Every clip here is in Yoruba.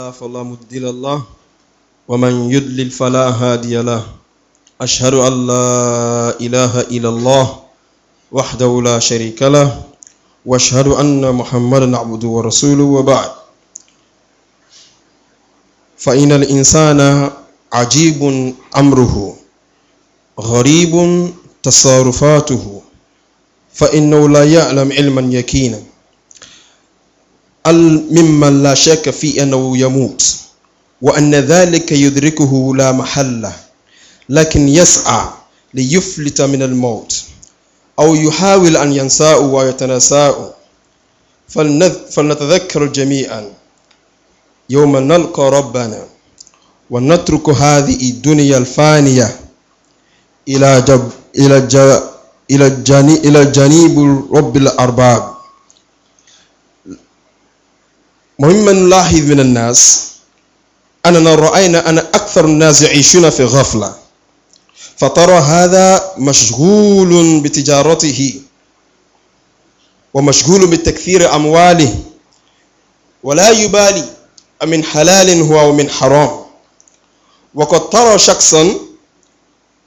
فلا مضل الله ومن يضلل فلا هادي له أشهد أن لا إله إلا الله وحده لا شريك له وأشهد أن محمدا عبده ورسوله وبعد فإن الإنسان عجيب أمره غريب تصرفاته فإنه لا يعلم علما يكينا ممن لا شك في أنه يموت وأن ذلك يدركه لا محلة لكن يسعى ليفلت من الموت أو يحاول أن ينساء ويتنساء فلنتذكر جميعا يوم نلقى ربنا ونترك هذه الدنيا الفانية إلى جب إلى جب إلى إلى جانب رب الأرباب مهما نلاحظ من الناس أننا رأينا أن أكثر الناس يعيشون في غفلة فترى هذا مشغول بتجارته ومشغول بتكثير أمواله ولا يبالي أمن حلال هو ومن حرام وقد ترى شخصا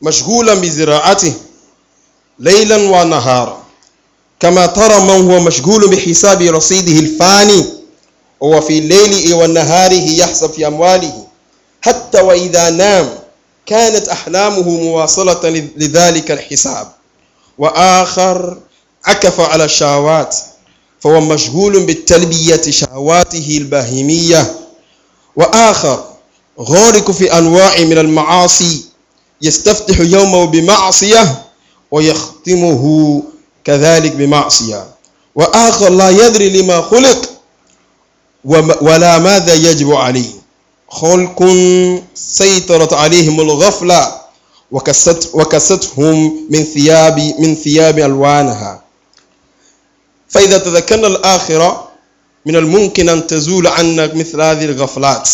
مشغولا بزراعته ليلا ونهارا كما ترى من هو مشغول بحساب رصيده الفاني وفي الليل ونهاره يحسب في أمواله حتى وإذا نام كانت أحلامه مواصلة لذلك الحساب وآخر عكف على الشهوات فهو مشغول بتلبية شهواته البهيمية وآخر غارق في أنواع من المعاصي يستفتح يومه بمعصية ويختمه كذلك بمعصية وآخر لا يدري لما خلق ولا ماذا يجب عليه خلق سيطرت عليهم الغفلة وكست وكستهم من ثياب من ثياب ألوانها فإذا تذكرنا الآخرة من الممكن أن تزول عنا مثل هذه الغفلات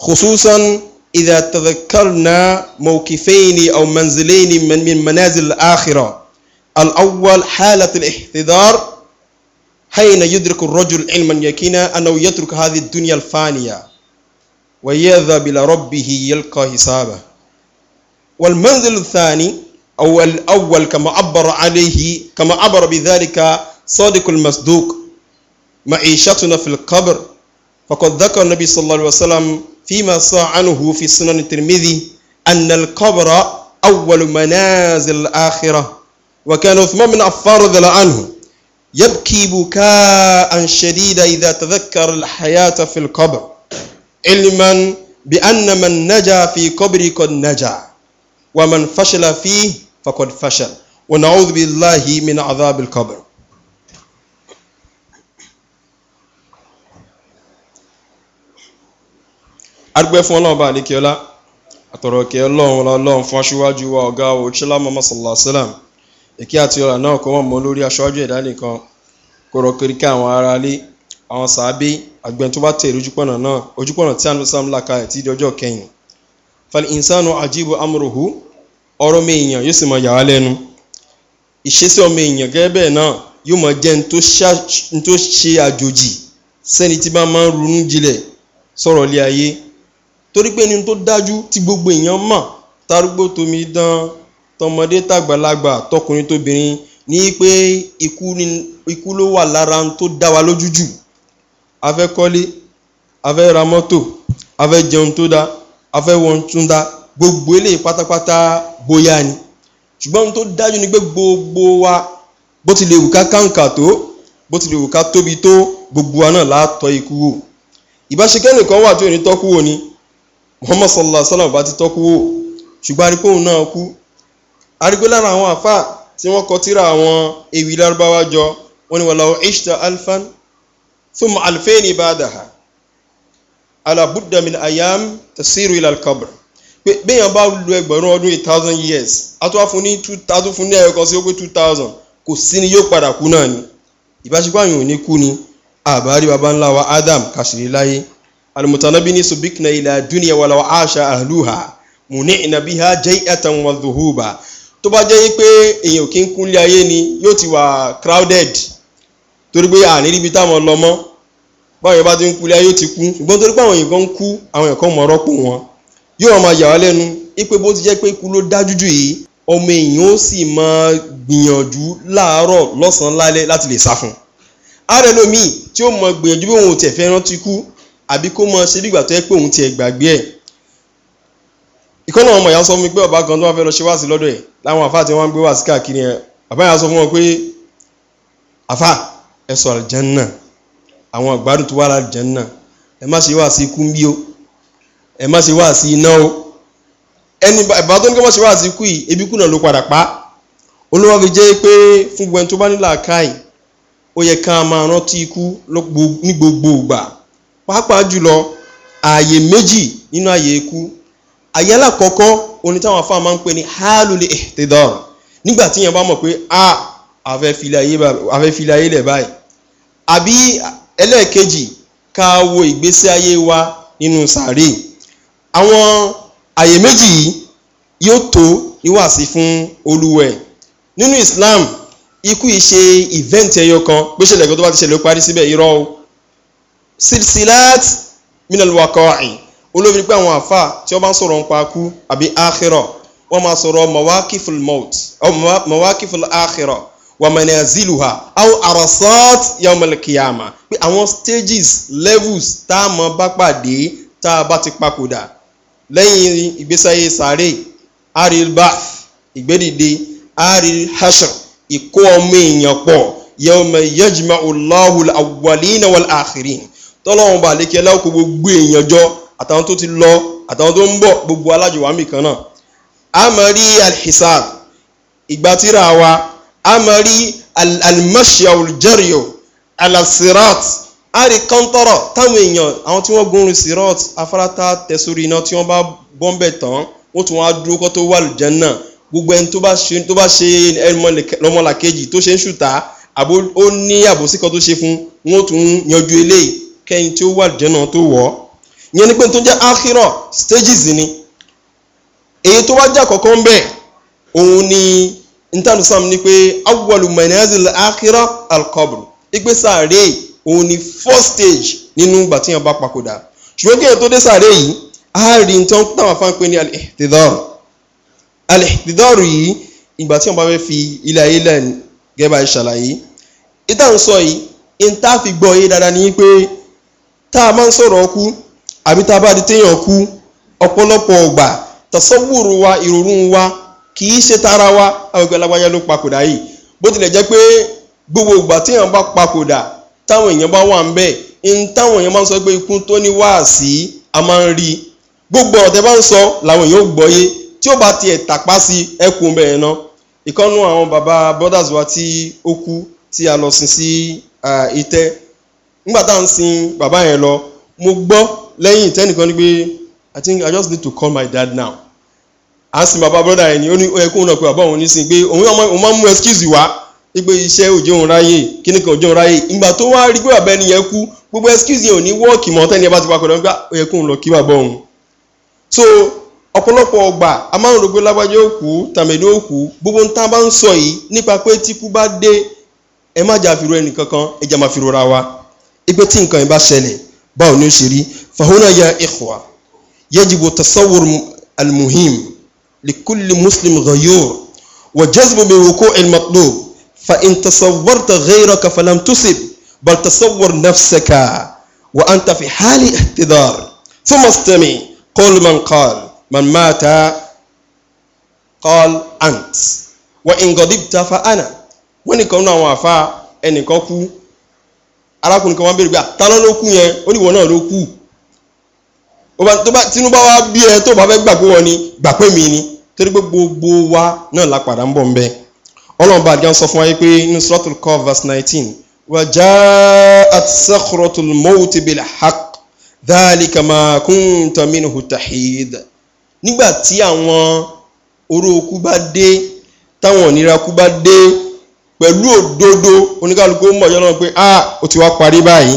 خصوصا إذا تذكرنا موقفين أو منزلين من, من منازل الآخرة الأول حالة الاحتضار حين يدرك الرجل علما يقينا أنه يترك هذه الدنيا الفانية ويذهب إلى ربه يلقى حسابه والمنزل الثاني أو الأول كما عبر عليه كما عبر بذلك صادق المصدوق معيشتنا في القبر فقد ذكر النبي صلى الله عليه وسلم فيما صاع عنه في سنن الترمذي أن القبر أول منازل الآخرة وكان عثمان بن عفان رضي الله عنه يبكي بكاء شديدا إذا تذكر الحياة في القبر علما بأن من نجا في قبر قد نجا ومن فشل فيه فقد فشل ونعوذ بالله من عذاب القبر agbẹ́ fún ọlọ́run bá àlékè ọlá àtọ̀rọ̀ kẹ́ ọlọ́run ọlọ́run fún aṣíwájú wa ọ̀gá òṣèlú mọ́mọ́sálásílámù èkí àti ọ̀rà náà kó wọ́n lórí aṣáájú ẹ̀dá nìkan kó rọ kiri ká àwọn ará lé àwọn sàábé àgbẹ̀ tó bá tẹ̀lé ojúpọ̀nà náà ojúpọ̀nà tí làkà ẹ̀ tí di ọjọ́ kẹyìn ajibu amruhu ọrọ̀ mi èèyàn yóò sì mọ yàrá lẹ́nu ìṣesí ọmọ èèyàn gẹ́gẹ́ bẹ́ẹ̀ náà yóò mọ jẹ́ tó ṣe àjòjì sẹ́ni tí bá máa ń ronú sọ̀rọ̀ ayé gbogbo èèyàn mọ̀ tọmọdé tàgbàlagbà tọkùnrin tóbìnrin ní pé ikú ló wà lára tó dá wa lójú jù afẹ́ kọ́lé afẹ́ ra mọ́tò afẹ́ jẹun tó dá afẹ́ wọn tún dá gbogbo eléyìí pátápátá bóyá ni ṣùgbọ́n ohun tó dájú ni pé gbogbo wa bó ti lè wù ká káǹkà tó bó ti lè wù ká tóbi tó gbogbo wa náà látọ̀ ikú wò ìbáṣekẹ́ nìkan wà tí ò ní tọ́kú wò ni muhammad sallallahu alaihi wa sallam bá ti tọ́kú wò ṣùgbọ́n a rí pé òun náà kú arígbé lára àwọn àfà tí wọ́n kọ tíra àwọn ewì lárúbáwá jọ wọ́n ni wàlá ishta alfan thumma alfaini ba'daha ala budda min ayam tasiru ila al-qabr gbẹ̀yàn bá lu ẹgbẹ̀rún ọdún eight thousand years atúwá fún ní two thousand fún ní ẹ̀yọ́ kan sí ó pé two thousand kò sí ni yóò padà kú náà ni ìbáṣepọ̀ àyàn ò ní kú ni àbárí baba ńlá wa adam kàṣírí láyé alimutanabi ní subikna ilà dúnìyà wàlá wa aṣa àlùhà mùní ìnàbíhà jẹ́ ẹ̀tàn wà zuhuba tó bá jẹ́ pé èèyàn kì í kúnlé ayé ni yóò ti wà crowded torí pé àní ríbi táwọn lọ mọ́ báwọn yẹn bá ti ń kúlé ayé yóò ti kú ṣùgbọ́n torí pé àwọn èèyàn kan ń kú àwọn èèyàn kan mọ̀ ọ́rọ́ pò wọ́n yóò máa yà wá lẹ́nu ipe bó ti jẹ́ pé ikú ló dájú jù yìí ọmọ èèyàn ó sì máa gbìyànjú láàárọ̀ lọ́sàn-án lálẹ́ láti lè sá fún un ààrẹ lómi tí ó mọ gbìyànjú bí òun ò tiẹ̀ fẹ́ rántí kú àbí kó mọ ṣe bí ìgbà tó yẹ pé òun tiẹ̀ gbàgbé ẹ̀ ìkọ́nà ọmọ ìyá sọ fún mi pé ọba kan tó wá fẹ́ lọ ṣe wáàsí lọ́dọ̀ ẹ̀ láwọn àfáà tí wọ́n ń gbé wáàsí káàkiri ẹ̀ bàbá ìyá sọ fún wọn pé àfà ẹ sọ àlìjánná àwọn àgbàdùn tó wà lálìjánná ẹ má ṣe wáàsí ikú ń bí o ẹ má ṣe wáàsí iná o ẹni bàbá tó ní kí wọ́n ṣe wáàsí ikú yìí ebi kùnà ló padà pa olówó fi jẹ́ pé fún gbogbo ẹni tó bá nílò àkáì ó yẹ ká máa rántí ikú ní gbogbo ìgbà pàápàá jùlọ ààyè méjì nínú ààyè ikú àyálà kọ̀ọ̀kọ́ oní táwọn afá máa ń pè ní hálùlẹ̀ ihtidar nígbà tí yẹn bá mọ̀ pé a afẹ́ filẹ̀ ayé lẹ̀ báyìí àbí ẹlẹ́ẹ̀kejì ká wo ìgbésí ayé wa nínú sàárè àwọn àyè méjì yìí yóò tó níwàásí fún olúwẹ̀ nínú islam ikú yìí ṣe ìvẹ́ǹtì ẹyọ kan bó ṣẹlẹ̀ kan tó bá ti ṣẹlẹ̀ parí síbẹ̀ irọ́ o silsilat minal wakọ̀ọ̀in olóbi pé àwọn àfa tí wọ́n bá ń sọ̀rọ̀ nípa kú àbí áhírọ̀ wọ́n máa sọ̀rọ̀ mawakiful mọ́t mawakiful áhírọ̀ wàmẹ̀nẹ̀zìlùhà àwọn àrọ̀sọ́t yọmọlẹ̀kìyàmà pé àwọn stages levels tá a mọ̀ bá pàdé tá a bá ti papòdà lẹ́yìn ìgbésáyé sàárè aril bath ìgbédìde aril hashir ìkó ọmọ èèyàn pọ̀ yọmọ yẹjìmọ̀ ọlọ́hùn àwàlínà wàl àkìrín tọ́lọ́wọ́n bá lékè gbogbo èèyàn jọ àtàwọn tó ti lọ àtàwọn tó ń bọ̀ gbogbo alájọwàmì kan náà a máa rí alhisab ìgbà tíra wa a máa rí alimashia olùjẹ́rìó alasirat a rí kọ́ńtọ́rọ̀ táwọn èèyàn àwọn tí wọ́n gunrin sirat afárátá tẹ̀sórí iná tí wọ́n bá bọ́m̀bẹ̀ tán wọ́n tún wá dúró kọ́ tó wà lùjẹ́ náà gbogbo ẹni tó bá ṣe lọ́mọlàkejì tó ṣe ń ṣùtá ó ní àbòsí kan tó ṣe fún wọn tún yanjú eléyìí kẹ́yìn tí ó wà lùjẹ́ náà tó wọ̀ ọ́ yẹn ni pé tó jẹ́ akhira stages ni èyí tó wá jẹ́ àkọ́kọ́ ń bẹ̀ òun ni intanusam ni pé awwalu manazil akhira alqabr igbe sàárè òun ni first stage nínú ìgbà tí yẹn bá papòdà ṣùgbọ́n kí yẹn tó dé sàárè yìí a rí nǹkan táwọn afá ń pè ní al-ihtidhar al-ihtidhar yìí ìgbà tí yẹn bá fẹ́ fi ilé ayé lẹ́nu gẹ́gẹ́ bá ṣàlàyé ìtàn sọ yìí ìta fi gbọ́ yé dáadáa ni pé tá a máa ń sọ̀rọ̀ ọkú àbí tá a bá di téèyàn kú ọ̀pọ̀lọpọ̀ ọ̀gbà tọ̀sọ́wòrò wa ìròrùn wa kì í ṣe tara wa àwọn ìgbà alágbáyá ló papòdà yìí bó tilẹ̀ jẹ́ pé gbogbo ìgbà téèyàn bá papòdà táwọn èèyàn bá wà ń bẹ̀ ń táwọn èèyàn máa ń sọ pé ikú tó ní wáàsí a máa ń rí gbogbo ọ̀tẹ́ bá ń sọ làwọn èèyàn ò gbọ́yé tí ó bá tiẹ̀ tàpá sí ẹkùn bẹ́ẹ̀ náà ìkọ́nú àwọn baba brothers wa tí ó kú tí a lọ sin sí ìtẹ́ nígbà tá à ń sin bàbá yẹn lọ mo gbọ́ lẹ́yìn tẹ́nìkan ní pé i think i just need to call my dad now a sì bàbá brọ́dà ẹni ó ní ó yẹ kó náà pé bàbá òun nísìnyí pé òun òun máa ń mú excuse wá pé iṣẹ́ òjò òun ráyè kíní kan òjò òun ráyè ìgbà tó wá rí pé bàbá ẹni yẹn kú gbogbo excuse yẹn ò ní wọ́ọ̀kì mọ́ tẹ́ni ẹ bá ti pa kọ̀dọ̀ nípa ó yẹ kó òun lọ kí bàbá òun. so ọ̀pọ̀lọpọ̀ ọgbà a máa ń rògbé lágbájá òkú tàmẹ̀dó òkú gbogbo ń tá a bá ń sọ yìí nípa pé tíkú bá dé ẹ má jà fìrò ẹnì kankan ẹ jà má fìrò ra wa ipe tí nǹkan yìí bá ṣẹlẹ̀ باو نشري فهنا يا إخوة يجب تصور المهم لكل مسلم غيور وجذب بوقوع المطلوب فإن تصورت غيرك فلم تصب بل تصور نفسك وأنت في حال احتضار ثم استمع قل من قال من مات قال أنت وإن غضبت فأنا وإن كنا وافا إن كفو arákùnrin kan wá béèrè pé àtàná ah, ló kú yẹn ó ní ìwọ náà ló kú tínú bá wá bí ẹ tó bá fẹ́ gbà pé wọ́n ni gbà pé mi ni torí pé gbogbo wa náà la padà ń bọ̀ nbẹ ọlọ́run bá àdìgán sọ fún wa pé inú suratul kọ́ verse nineteen wàjà àtisẹ́kọ̀rọ̀tul mọ́wùtì bíi haq dhalika ma kunta minhu nígbà tí àwọn oró bá dé táwọn ònira bá dé pẹ̀lú òdodo oníkálukú mọ̀ yọ́nà pé a ó ti wá parí báyìí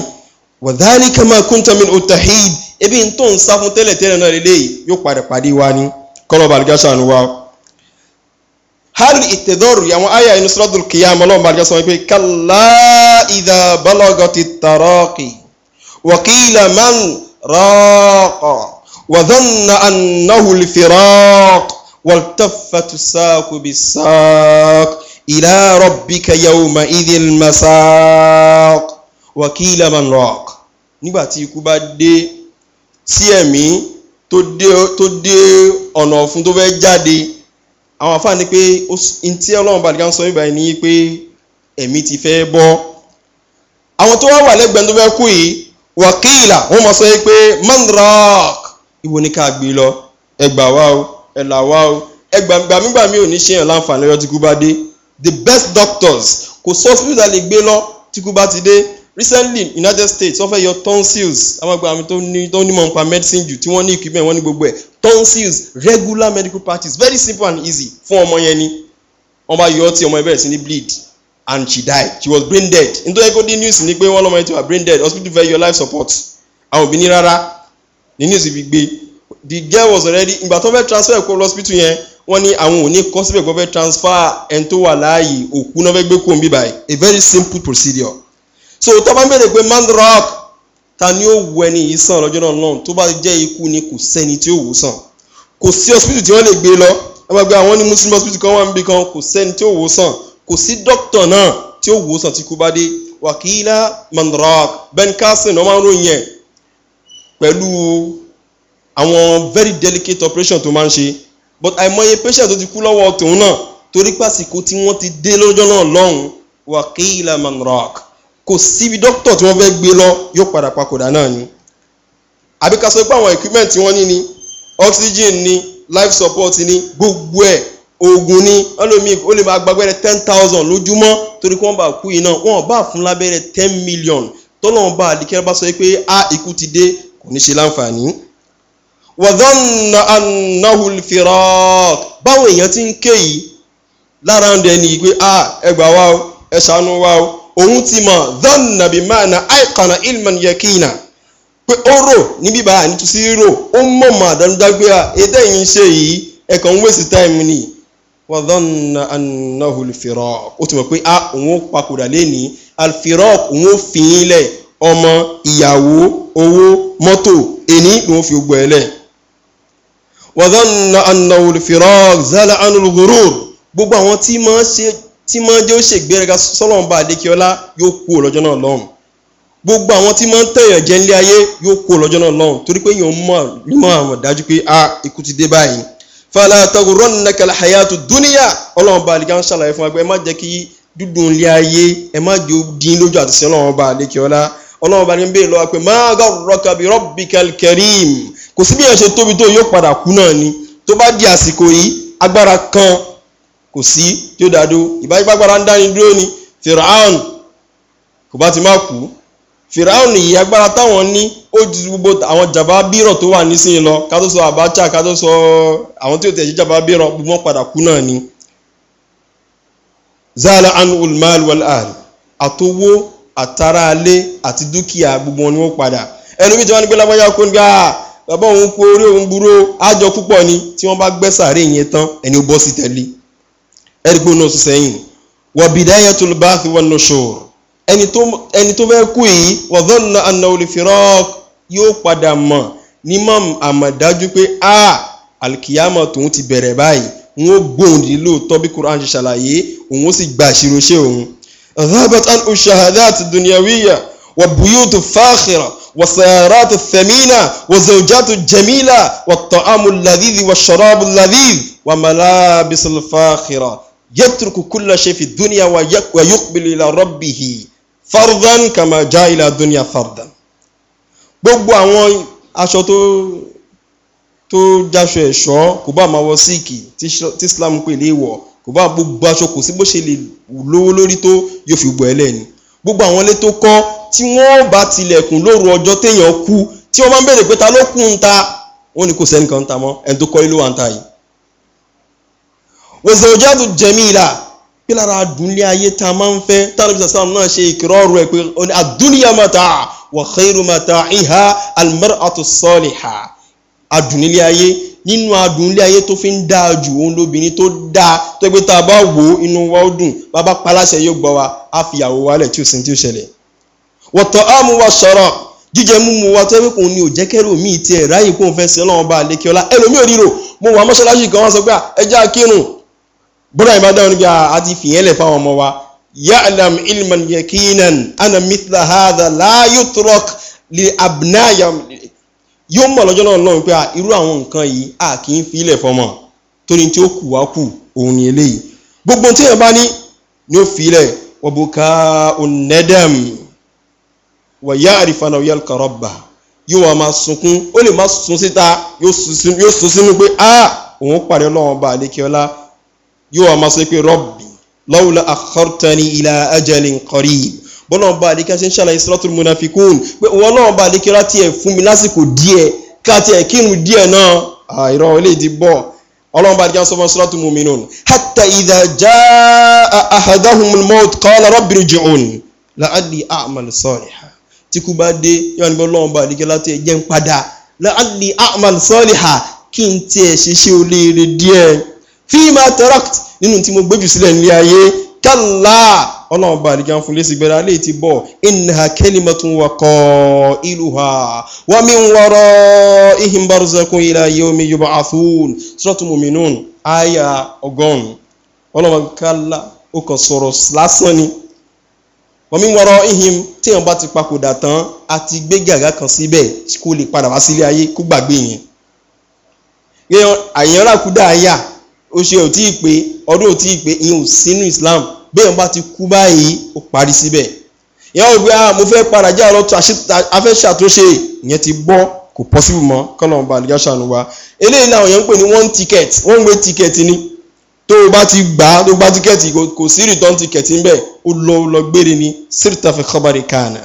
wàdálí kama kuntamin otahid ebi n tó ń sá fún tẹ́lẹ̀ tẹ́lẹ̀ náà lélẹ́yìí yóò padà parí wa ní kọ́lọ̀ balùgásà ni wa. hali ìtẹ̀dọ́rù àwọn àyà inú sọ́dọ̀ kìyàmọ́ lọ́wọ́ balùgásà wọn pé kàlá ìdá balọ̀gọ́ ti tàrọ́ọ̀kì wàkìlà man rọ́ọ̀kọ̀ wàdánà anáhùlì fìrọ́ọ̀kọ̀ wàltàfàtúsáàkù bìsáàkù. إلى ربك يومئذ المساق وكيل من راق nígbà tí ikú bá dé sí ẹ̀mí tó dé tó dé ọ̀nà ọ̀fun tó fẹ́ jáde àwọn afáàní pé n tí ọlọ́run bá dìgbà ń sọ nígbà yìí ni pé ẹ̀mí ti fẹ́ bọ́ àwọn tó wá wà lẹ́gbẹ̀ẹ́ tó fẹ́ kú yìí wàkìlà wọ́n mọ̀ sọ yìí pé man rock ni ká gbé lọ ẹgbà wá o ẹ̀là wá o ẹgbàmígbàmí ò ní ṣe hàn láǹfààní lọ́jọ́ tí ikú bá dé the best doctors kò sọ hospital lè gbé lọ tí kú bá ti dé recently united states wọ́n fẹ́ yọ tonsils amagba mi tó ní tó ní mọ̀npa medicine jù tí wọ́n ní equipment wọ́n ní gbogbo ẹ̀ tonsils regular medical practice very simple and easy fún ọmọ yẹn ni wọ́n bá yọ ọ́ tí ọmọ yẹn bẹ̀rẹ̀ sí ní bleed and she died she was brain dead nítorí kó dín news ni pé wọ́n lọ́mọ yẹn ti wà brain dead hospital fẹ́ yọ life support àwọn òbí ní rárá ní news fi gbé the girl was already ìgbà tó fẹ́ transfer kó lọ hospital yẹn wọ́n ní àwọn ò ní kọ́ síbẹ̀ pé wọ́n fẹ́ transfer ẹni tó wà láàyè òkú náà fẹ́ gbé kó nbí báyìí a very simple procedure so tó bá ń bèrè pé man rock ta ni ó wọ ẹni yìí sàn lọ́jọ́ náà lọ́hùn tó bá jẹ́ ikú ni kò sẹ́ni tí ó wò sàn kò sí hospital tí wọ́n lè gbé lọ ẹ máa gba àwọn ní muslim hospital kan wà níbi kan kò sẹ́ni tí ó wò sàn kò sí doctor náà tí ó wò sàn tí kú bá dé wàkìlá man rock ben carson ọmọ aró yẹn pẹ̀lú àwọn very delicate operation tó máa ń ṣe but àìmọye patient tó ti kú lọ́wọ́ tòun náà torí pàsìkò tí wọ́n ti dé lọ́jọ́ náà lọ́hùn wà kí ilà kò síbi dókítà tí wọ́n fẹ́ gbé lọ yóò padà papòdà náà ni àbí ká sọ pé àwọn equipment tí wọ́n ní ni oxygen ni life support ni gbogbo ẹ̀ oògùn ni ọlọ́mí ó lè máa gbàgbẹ́rẹ́ ten thousand lójúmọ́ torí kí wọ́n bá kú iná wọ́n bá fún lábẹ́rẹ́ ten million tọ́lọ́wọ́n bá àdìkẹ́ bá sọ pé a ah, ikú ti dé kò ní ṣe láǹfààní wọ̀dọ́nà anáhùlfìrọ́ọ̀k báwọn èèyàn ti ń ké yìí lára ń dẹni pé a ẹgbà wa o ẹ̀sánú wa o òun ti mọ̀ dọ́nà bí máa na àìkànnà ilman yakina pé ó rò ní bíbá ànítúsí rò ó mọ̀ mọ̀ àdánudá pé ètò ẹ̀yìn ṣe yìí ẹ̀kan ń wèsì táìmù ni wọ̀dọ́nà anáhùlfìrọ́ọ̀k ó ti mọ̀ pé a òun ó pakùdà lẹ́ni alfìrọ́ọ̀k òun ó fìyín lẹ̀ ọmọ ìyàwó owó mọ́tò èní ló ń fi gbọ́ ẹ lẹ́ẹ̀ wàdánà anáwòlùfìràn zala anulugurur gbogbo àwọn tí máa ṣe tí máa jẹ́ ó ṣègbéraga sọ́lọ́mùbá adékíọ́lá yóò kú lọ́jọ́ náà lọ́hùn gbogbo àwọn tí máa ń tẹ̀yàn jẹ́ nílé ayé yóò kú lọ́jọ́ náà lọ́hùn torí pé èèyàn mọ̀ nímọ̀ àwọn dájú pé a ah, ikú ti dé báyìí fàlà àtàkùrọ̀ nàkàlà àyàtò dúníyà ọlọ́mùbá adékíọ́lá ń ṣàlàyé fún wa pé ẹ má jẹ́ kí dúdùn ilé ayé ẹ má jẹ́ dín lójú àti sẹ́lọ́mùbá adékíọ́lá ọlọ́mùbá adékíọ́lá ń béèrè lọ́wọ́ pé má gàrúrọ̀ kàbí rọ́bì kàlkẹ́rìm kò sí bí èèyàn ṣe tóbi tó yóò padà kú náà ni tó bá di àsìkò yìí agbára kan kò sí tí ó dàdó ìbájúpá agbára ń dáni dúró ni firaun kò bá ti má kú firaun yìí agbára táwọn ní ó ju gbogbo àwọn jàmbá bírọ̀ tó wà nísìnyí lọ ká tó sọ abacha ká tó sọ àwọn tí ó tẹ̀sí jàmbá bírọ̀ gbogbo padà kú náà ni zala anu ulmal wal al àtowó àtàrà alé àti dúkìá gbogbo wọn ni wọn padà ẹnu bí tí wọn ní pé lábọ́yá kó ń gbà á bàbá òun kú orí òun burú ájọ púpọ̀ ni tí wọ́n bá gbẹ́ sàárè yẹn tán ẹni ó bọ́ sí tẹ̀lé ẹni pé ó náà sùn sẹ́yìn wọ̀bìdáyà tó bá fi wọn lọ ṣòro ẹni tó fẹ́ kú yìí wọ̀dọ́nà àna olùfirọ́ yóò padà mọ̀ ní mọ̀ àmọ̀dájú pé a alkiyama tòun ti bẹ̀rẹ̀ báyìí òun ó gbóhùn ní lóòótọ́ bí quran ṣe ṣàlàyé òun ó sì gba àṣírò ṣe òun. rabat al-ushahadat dunyawiya wa buyutu fakhira والسيارات الثمينة والزوجات الجميلة والطعام اللذيذ والشراب اللذيذ وملابس الفاخرة يترك كل شيء في الدنيا ويقبل إلى ربه فرضا كما جاء إلى الدنيا فرضا gbogbo àwọn aṣọ tó tó jáṣọ ẹ̀ṣọ́ kò bá máa wọ síìkì tí islam pè léèwọ̀ kò bá gbogbo aṣọ kò sí bó ṣe lè lówó lórí tó yóò fi gbọ́ ẹlẹ́ni gbogbo àwọn ilé tó kọ́ tí wọ́n bá tilẹ̀kùn lóru ọjọ́ téèyàn kú tí wọ́n bá ń bèrè pé ta ló kú ń ta wọ́n ní kò sẹ́nìkan ń ta mọ́ ẹni tó kọ́ ilé wa ń ta yìí. wòsàn òjá tó jẹ̀mí ìlà pé lára àdúnlé ayé ta máa ń fẹ́ táwọn ibi sàṣàm náà ṣe ìkìrọ̀rù ẹ̀ pé àdúnlé mata wà xeyìrù ìhà almar àti sọ́ọ̀lì ha àdúnlé ayé nínú àdúnlé ayé tó fi ń dáa jù òun lóbìnrin tó dáa tó pé tá a bá wò ó inú wa ó dùn bàbá paláṣẹ yóò gbọ́ wa á fi ìyàwó tí ò sí tí ó ṣẹlẹ̀ wọ̀tọ̀ áàmù wa sọ̀rọ̀ jíjẹ múmu wa tó wípé òun ni ò jẹ́kẹ́rù mi ti ẹ̀ ráyè kó n fẹ́ sí ọlọ́run bá lékè ọlá ẹlòmí ò mo wà mọ́ṣáláṣí kan wọ́n sọ pé ẹja kírun bọ́dà ìbádáwọn níbi àti fìyẹ́lẹ̀ fáwọn ọmọ wa ya'lam ilman yakinan ana mithla hadha la yutrok li abnaya yóò mọ̀ lọ́jọ́ náà lọ́run pé irú àwọn nǹkan yìí a kì í fi ilẹ̀ fọmọ torí tí ó kù wá kù òun eléyìí gbogbo tí èèyàn bá ní ni ó fi ilẹ̀ wọ́n bu ká onedem wọ̀yá àrífànà òyà kọ̀rọ̀bà yóò wà máa sunkún ó lè máa sun síta yóò sun sínú pé a òun pàdé ọlọ́run ọba àlékiọlá yóò wà máa sọ pé rọ́bì lọ́wọ́lá àkọ́tani ilà ajẹ́lì nkọ́rí bọ́lá ọba àlékiọlá ṣe ń ṣàlàyé sọ́tún munafikun pé wọ́n lọ́wọ́ ọba àlékiọlá tiẹ̀ fún mi lásìkò díẹ̀ ká tiẹ̀ kírun díẹ̀ náà àìrọ̀ ilé ìdí bọ̀ ọlọ́run bá dìgbà sọ fún sọ́tún muminun hàtà ìdàjà àhàdáhùn mọ́t kọ́lá rọ́bìnrin jùun láàdì àmàlùsọ̀rìhà tí kú bá dé yóò nígbà ọlọ́run bá àdìgẹ́ láti ẹ̀jẹ̀ ń padà láàlì ahmad sọ́ọ̀lìhà kí n tiẹ̀ ṣeṣe oríire díẹ̀ fíìmà tẹ́rọ̀t nínú tí mo gbójú sílẹ̀ nílé ayé kálá ọlọ́run bá àdìgẹ́ fún lẹ́sìn gbẹ́rẹ́ alẹ́ ti bọ̀ ìnà kẹ́límọ̀ tún wà kọ́ ìlú ha wọ́n mi ń wọ́rọ́ ihim baruzakun ilà yomi yorùbá athun sọ́ọ̀tù mùmínún àyà ọgọ́rùn-ún ọlọ́run kálá ó kàn sọ̀rọ̀ lásán ni wọ́n mi wọ́rọ́ ihim tí èèyàn bá ti papòdà tán a ti gbé gàgà kan síbẹ̀ tí kò lè padà wá sílé ayé kó gbàgbé yẹn. àyàn làkúdà àyà oṣù ò tí ì pé ọdún ò tí ì pé ìyẹn ò sínú islam bí èèyàn bá ti kú báyìí ó parí síbẹ̀. ìyẹn ò gbé ah mo fẹ́ padà jẹ́ àlọ́ afẹ́ ṣàtúnṣe ìyẹn ti bọ́ kò pọ́sibù mọ́ kọ́nà ọba àlùjá ṣàánú wa eléyìí náà òyìn ń pè ní ticket one ticket ni tó o bá ti gbà á tó o bá tíkẹ́ẹ̀tì kò sí return ticket ń bẹ̀ ó lọ lọ gbére ni sírìtà fi khabari kàánà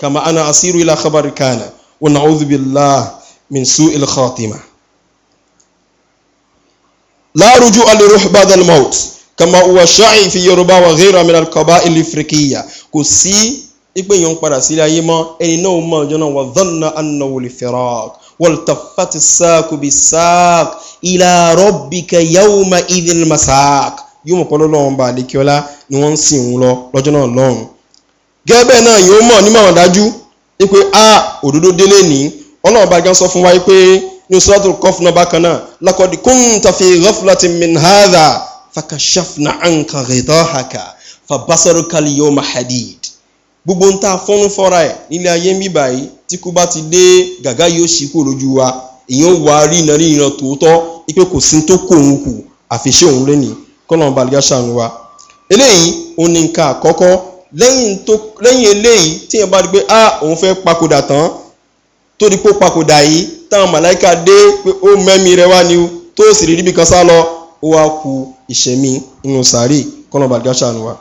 kàmá ana asiru ilà khabari kàánà wọn náà ọdún bìlá min su il khatima. láàrújú aliruhu badal maut kàmá uwa ṣáàyìn fi yorùbá wa ghera min alkaba ilé firikiya kò sí ipe yẹn ń padà ayé mọ ẹni náà ó mọ wà dánná anáwó lè fẹ́ràn. والتفت sáàkù bí sáàkù ilà rọ́bìkà yawma idil masak yóò mọ̀ pọ́n lọ́wọ́ ọba àdékíọ́lá ni wọ́n ń sìn ń lọ lọ́jọ́ náà lọ́rùn. gẹ́gẹ́ náà yóò mọ̀ ní màmá dájú wípé a òdodo délé ní ọlọ́ọ̀ba gan sọ fún wa wípé ní sọ́dọ̀ kọ́fù náà bákan náà lakọ̀dí kún tàfi rọ́fúlàtì minhada fakashafna anka haka fabasaru yóò máa hadid gbogbo ń ta fọ́nú fọ́ra ẹ̀ nílé ayé ń bí báyìí tí kú bá ti dé gàgá yóò ṣí kúrò lójú wa èèyàn wà á rí ìnárí ìran tòótọ́ ipe kò sí tó kó òun kù àfiṣẹ́ òun lẹ́ni kọ́nà balùwẹ̀ ṣàánú wa eléyìí òun ni nǹkan àkọ́kọ́ lẹ́yìn eléyìí tí èèyàn bá rí pé ah òun fẹ́ pakòdà tán tó di pé ó pakòdà yìí táwọn màláìka dé pé ó mẹ́mi rẹ wá ni o tó sì rí níbi kan sá lọ ó wá ku ìṣẹ̀mí inú sàárè kọ́nà balùwẹ̀ ṣàánú wa.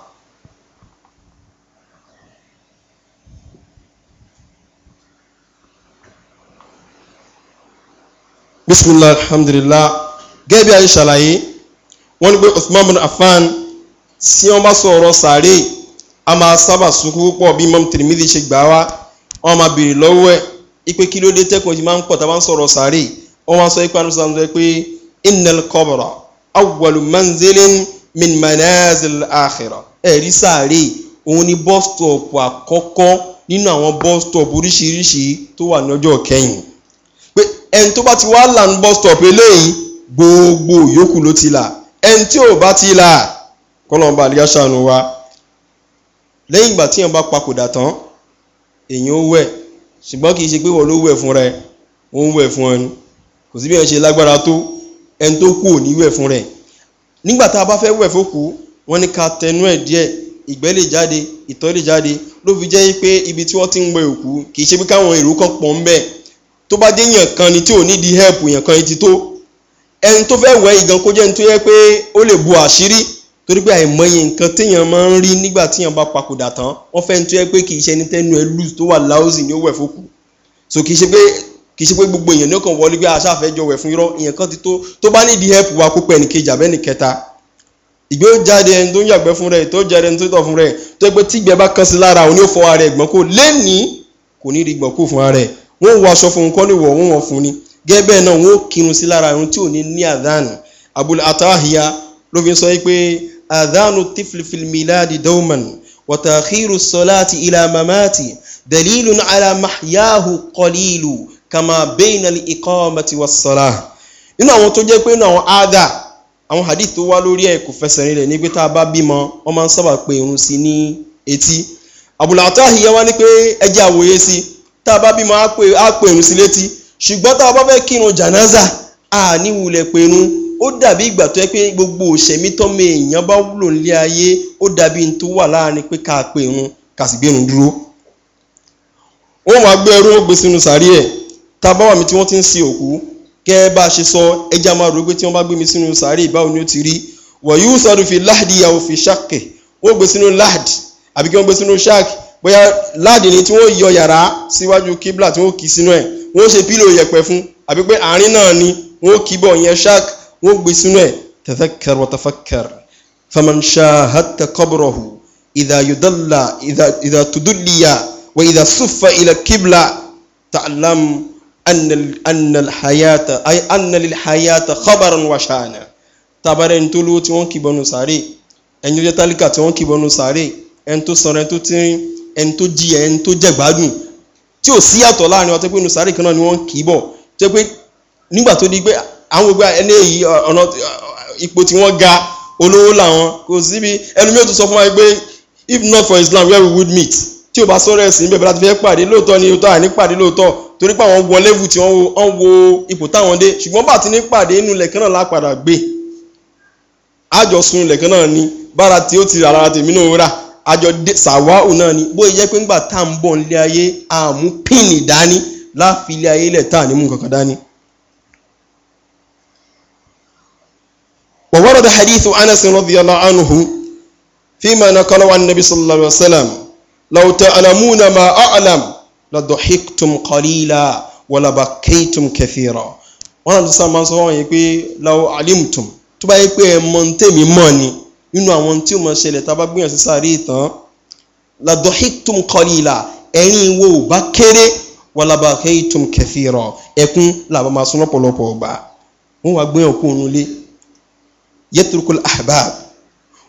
bisimilah alhamdulilah gẹ́gẹ́ bí a ṣe ṣàlàyé wọ́n ní pé Uthman bin Affan tí wọ́n bá sọ ọ̀rọ̀ sàárè a máa sábà sunkún púpọ̀ bí Imam Tirmidhi ṣe gbà wá wọ́n máa béèrè lọ́wọ́ ẹ̀ ipe kí ló dé tẹ́kùn yìí máa ń pọ̀ tá a bá ń sọ̀rọ̀ sàárè wọ́n máa sọ ipa àdúrà sọ pé innal qabra awwalu manzilin min manazil akhirah ẹ̀rí sàárè òun ni bọ́stọ̀pù àkọ́kọ́ nínú àwọn bọ́stọ̀pù oríṣiríṣi tó wà ní ọjọ́ kẹ́yìn ẹni tó bá ti wá land bus stop eléyìí gbogbo yòókù ló ti là ẹni tí ò bá ti là kọ́lọ́mbà àdìgá ṣàánú wa lẹ́yìn ìgbà tí èèyàn bá papòdà tán èèyàn ó wẹ̀ ṣùgbọ́n kì í ṣe pé wọ́n ló wẹ̀ fún rẹ ó ń wẹ̀ fún ẹnu kò sí bí èèyàn ṣe lágbára tó ẹni tó kù ò ní fún rẹ nígbà tá a bá fẹ́ wẹ̀ fókù wọ́n ní ká tẹnu ẹ̀ díẹ̀ ìgbẹ́ lè jáde ìtọ́ lè jáde ló fi jẹ́ pé ibi tí wọ́n ti ń wẹ̀ òkú kì í ṣe pé káwọn èrò kan pọ̀ ń bẹ́ẹ̀ tó bá dé yàn kan ni tí ò ní di help yàn kan ti tó ẹni tó fẹ́ wẹ̀ ìgan kó jẹ́ ní tó yẹ pé ó lè bu àṣírí torí pé àìmọye nǹkan téèyàn máa ń rí nígbà téèyàn bá papòdà tán wọ́n fẹ́ ní tó yẹ pé kì í ṣe ẹni tẹ́nu ẹ lù tó wà láòsì ni ó wẹ̀ fókù so kì í ṣe pé kì í ṣe pé gbogbo èèyàn náà kàn wọlé bí aṣáfẹ́jọ ah, wẹ̀ fún irọ́ èèyàn kan ti tó tó bá nídìí help wa kó pẹ́ ẹnìkejì àbẹ́nìkẹta ìgbé jáde ẹni tó ń yàgbẹ́ fún rẹ̀ tó jáde ẹni tó tọ̀ fún rẹ̀ tó yẹ pé tígbẹ́ bá kán sí lára òun ni ó ara ẹ̀ gbọ́n kó lé kò ní rí gbọ́n kó fún ara ẹ̀ wọn ò wọ aṣọ fún un kọ́ níwọ̀ wọn wọ̀ fún ni gẹ́gẹ́ bẹ́ẹ̀ náà wọn ò kírun sí lára irun tí ò ní ní àdánù abul atahiya ló fi sọ pé àdánù tiflifil miladi dawman wàtàkìrù sọláàtì ilà mamati dalilu ala mahyahu kọlilu kama bẹ́ẹ̀nà ikọ́ ọmọtí wa sọlá nínú àwọn tó jẹ́ pé nínú àwọn ága àwọn hadith tó wá lórí ẹ̀ kò fẹsẹ̀ rinlẹ̀ ní tá a bá bímọ wọ́n máa ń sábà pé irun sí ní etí abul atahiya wá ní pé ẹjẹ́ àwòye sí i tá a bá bímọ á pè irun sí létí ṣùgbọ́n tá a bá fẹ́ kírun jànáza àníwulẹ̀ pẹ̀rún ó dàbí ìgbà tó yẹ pé gbogbo òṣèmí tọ́mọ èèyàn bá wúlò nílé ayé ó dàbí n tó wà láàrin pé ká pè irun ká sì gbé irun dúró ó wọn gbé ẹrú ó gbé sínú sàárì ẹ tá a bá wà mí tí wọ́n ti ń sin òkú kẹ́ ẹ bá a ṣe sọ ẹja máa rò tí wọ́n bá gbé mi sínú sàárì báwo ni ó ti rí wọ̀nyí ó sọdún fi láàdì ìyàwó fi ṣáàkì ó gbé sínú láàdì àbí kí wọ́n gbé sínú ṣáàkì bóyá láàdì ni tí wọ́n yọ yàrá síwájú kíbla tí wọ́n kì í sínú ẹ̀ wọ́n ṣe pílò yẹ̀pẹ̀ fún àbí pé àárín náà ni wọ́n kì í bọ̀ yẹn ṣáàk wọ́n gbé sínú ẹ̀ tẹ̀fẹ́kẹ̀rọ tẹ̀fẹ́kẹ̀rọ famanṣa kọ́bùrọ̀hù ìdàyọ̀dọ́là ìdàtúdúlìyà wà ìdàsúfà ilẹ̀ kíbla tàlám annalilhayata kọ́bàrán wàṣánà tabarẹ́ ntolówó tí wọ́n kì bọ́nu sáré ẹni tó jẹ́ tálíkà tí wọ́n kì bọ́nu sáré ẹni tó sọ̀rọ̀ ẹni tó ti rìn ẹni tó jí ẹni tó jẹ gbádùn tí ò sí yàtọ̀ láàrin wọn tó pé nùsàárì kan náà ni wọ́n kì í bọ̀ tó pé nígbà tó di pé àwọn gbogbo ẹni èyí ọ̀nà ipò tí wọ́n ga olówó làwọn kò síbi ẹlòmíì tó sọ fún wa pé if not for islam where we would meet tí o bá sọ̀rọ̀ ẹ̀sìn bẹ̀rẹ̀ láti fẹ́ pàdé lóòótọ́ ni o tá à ní pàdé lóòótọ́ torí pé àwọn wọlé wù tí wọ́n wo ipò táwọn dé ṣùgbọ́n bá ti ní pàdé inú lẹ̀kẹ́ náà lápadà gbé àjọsùn lẹ̀kẹ́ náà ni bára tí ó ti rà lára tèmi náà rà àjọ sàwáù náà ni bóyá jẹ́ pé ńgbà tá à ń bọ̀ nílé ayé àmú pínì dání láfi ilé ayé lẹ̀ tá à ní mú kankan dání. وورد حديث أنس رضي الله عنه فيما نقله عن النبي صلى الله عليه وسلم لو تعلمون ما أعلم لضحكتم قليلا ولبكيتم كثيرا wọ́n náà tó sáà máa ń sọ wọ́n yẹn pé law alimtum tó bá pé ẹ̀ mọ̀ ní tèmi mọ̀ ni nínú àwọn tí ó mọ̀ ṣẹlẹ̀ tá a bá gbìyànjú sí sáré ìtàn ladọ́hìtùm kọlìlà ẹ̀rín ìwo ò bá kéré wàlábà kẹ́hìtùm kẹfìrọ̀ ẹ̀kún làbá máa sún lọ́pọ̀lọpọ̀ ọgbà wọ́n wá gbé ọkùn onúlé yẹtùrúkọlù ahbab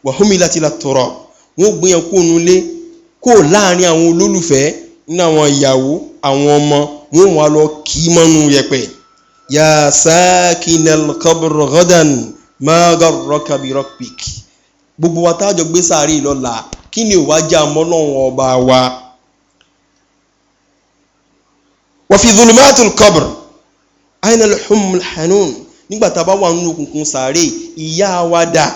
wàhúmi láti la tọrọ wọ́n gbé ọkùn onúlé kó láàrin àwọn olólùfẹ́ nínú àwọn ìyàwó àwọn ọmọ wọ́n wá lọ kì mọ́nu yẹpẹ̀ yà sáàkì nàlkọ́bùrọ̀gọ́dàn máa gbogbo wa tájọ gbé sáré lọ́la kí ni òwá já mọ́ lọ́wọ́n ọba wa. wọ́fi zulumatul kọ́bùr ainal humul hanun nígbà tá a bá wà nínú òkùnkùn sáré ìyá wa dà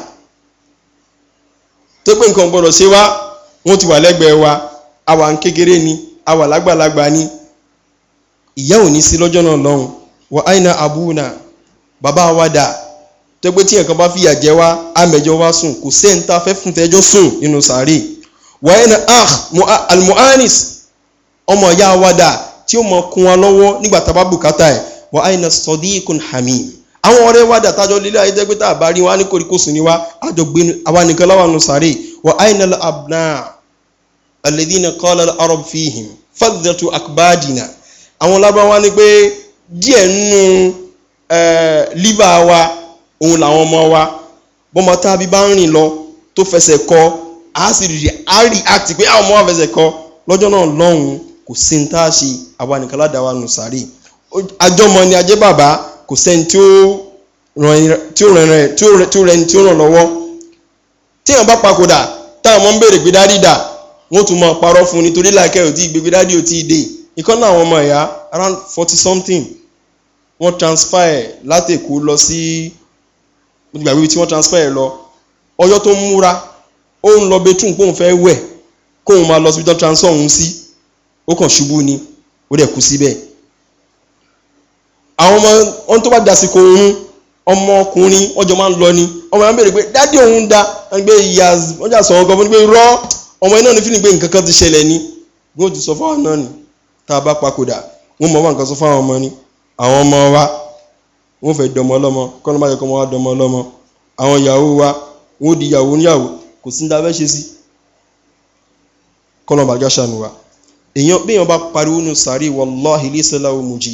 tó pé nǹkan gbọ́dọ̀ ṣe wá wọ́n ti wà lẹ́gbẹ̀ẹ́ wa àwa ń kékeré ni àwa lágbàlagbà ni ìyá ò ní sí lọ́jọ́ náà lọ́hùn wọ́n aina abuna bàbá wa dà tẹ́gbẹ́ tí nǹkan bá fìyà jẹ wá àmẹ́jọ wá sùn kò sẹ́ni tá a fẹ́ fún fẹ́jọ́ sùn nínú sàárè wàhánà ah almuhanis ọmọ ìyá wa dà tí ó mọ kún wa lọ́wọ́ nígbà tá a bá bùkátà ẹ̀ wàhánà sọdíkùn hamim àwọn ọ̀rẹ́ wa dà lílé ayé tẹ́gbẹ́ tá a bá rí wa ní koríkósù ni wa àjọ gbé àwa nìkan láwa nù sàárè wàhánà abnà alẹ́dínà kọ́lá arab fihim fadlatu akbadina àwọn lábáwá ni pé díẹ̀ nínú eh, liver wa òun làwọn ọmọ wa bọ́mọ tábí bá ń rìn lọ tó fẹsẹ̀ kọ á sì rí á rí àti pé àwọn ọmọ wa fẹsẹ̀ kọ lọ́jọ́ náà lọ́hùn-ún kò sí ní tá a ṣe àwa nìkan ládàá wa nù sáré àjọmọ ni ajé bàbá kò sẹ́ni tí ó rẹni tí ó ràn lọ́wọ́ téèyàn bá papòdà táwọn ọmọ ń béèrè pé dádì dà wọ́n tún mọ parọ́ fún un nítorí láìkẹ́ ò tí gbégbé dádì ò tí ì dé ìkan náà àwọn ọmọ ẹ̀yà around forty something wọ́n transfer látẹ̀kọ́ lọ sí. Si gbàgbé tí wọ́n transfer ẹ̀ lọ ọjọ́ tó ń múra ó ń lọ bedroom kóun fẹ́ wẹ̀ kóun máa lọ síbi tán transfer òun sí ó kàn ṣubú ni ó dẹ̀ kú síbẹ̀ àwọn ọmọ wọn tó bá dasìkò òun ọmọ ọjọ́ máa ń lọ ni ọmọ yẹn ń bèrè pé dáàdi òun da gbé ìyá ọjà sọ̀rọ̀ gan fún mi pé rọ́ ọmọ yẹn náà ní fílìn pé nǹkan kan ti ṣẹlẹ̀ ni bí wọ́n ti sọ fáwọn náà ni tá a bá papòdà wọ́n mọ̀ wá nǹkan sọ fáwọn ọmọ ni àwọn ọmọ wa wọ́n fẹ́ dọmọ ọlọ́mọ kọ́nà má jẹ́ kọ́mọ wá dọmọ ọlọ́mọ àwọn ìyàwó wa wọ́n di ìyàwó níyàwó kò sí ní ta fẹ́ ṣe sí kọ́nà bàjọ́ ṣàánú wa èèyàn bí èèyàn bá pariwo nù sàárì wàláhi lẹ́sẹ̀lá òmùjì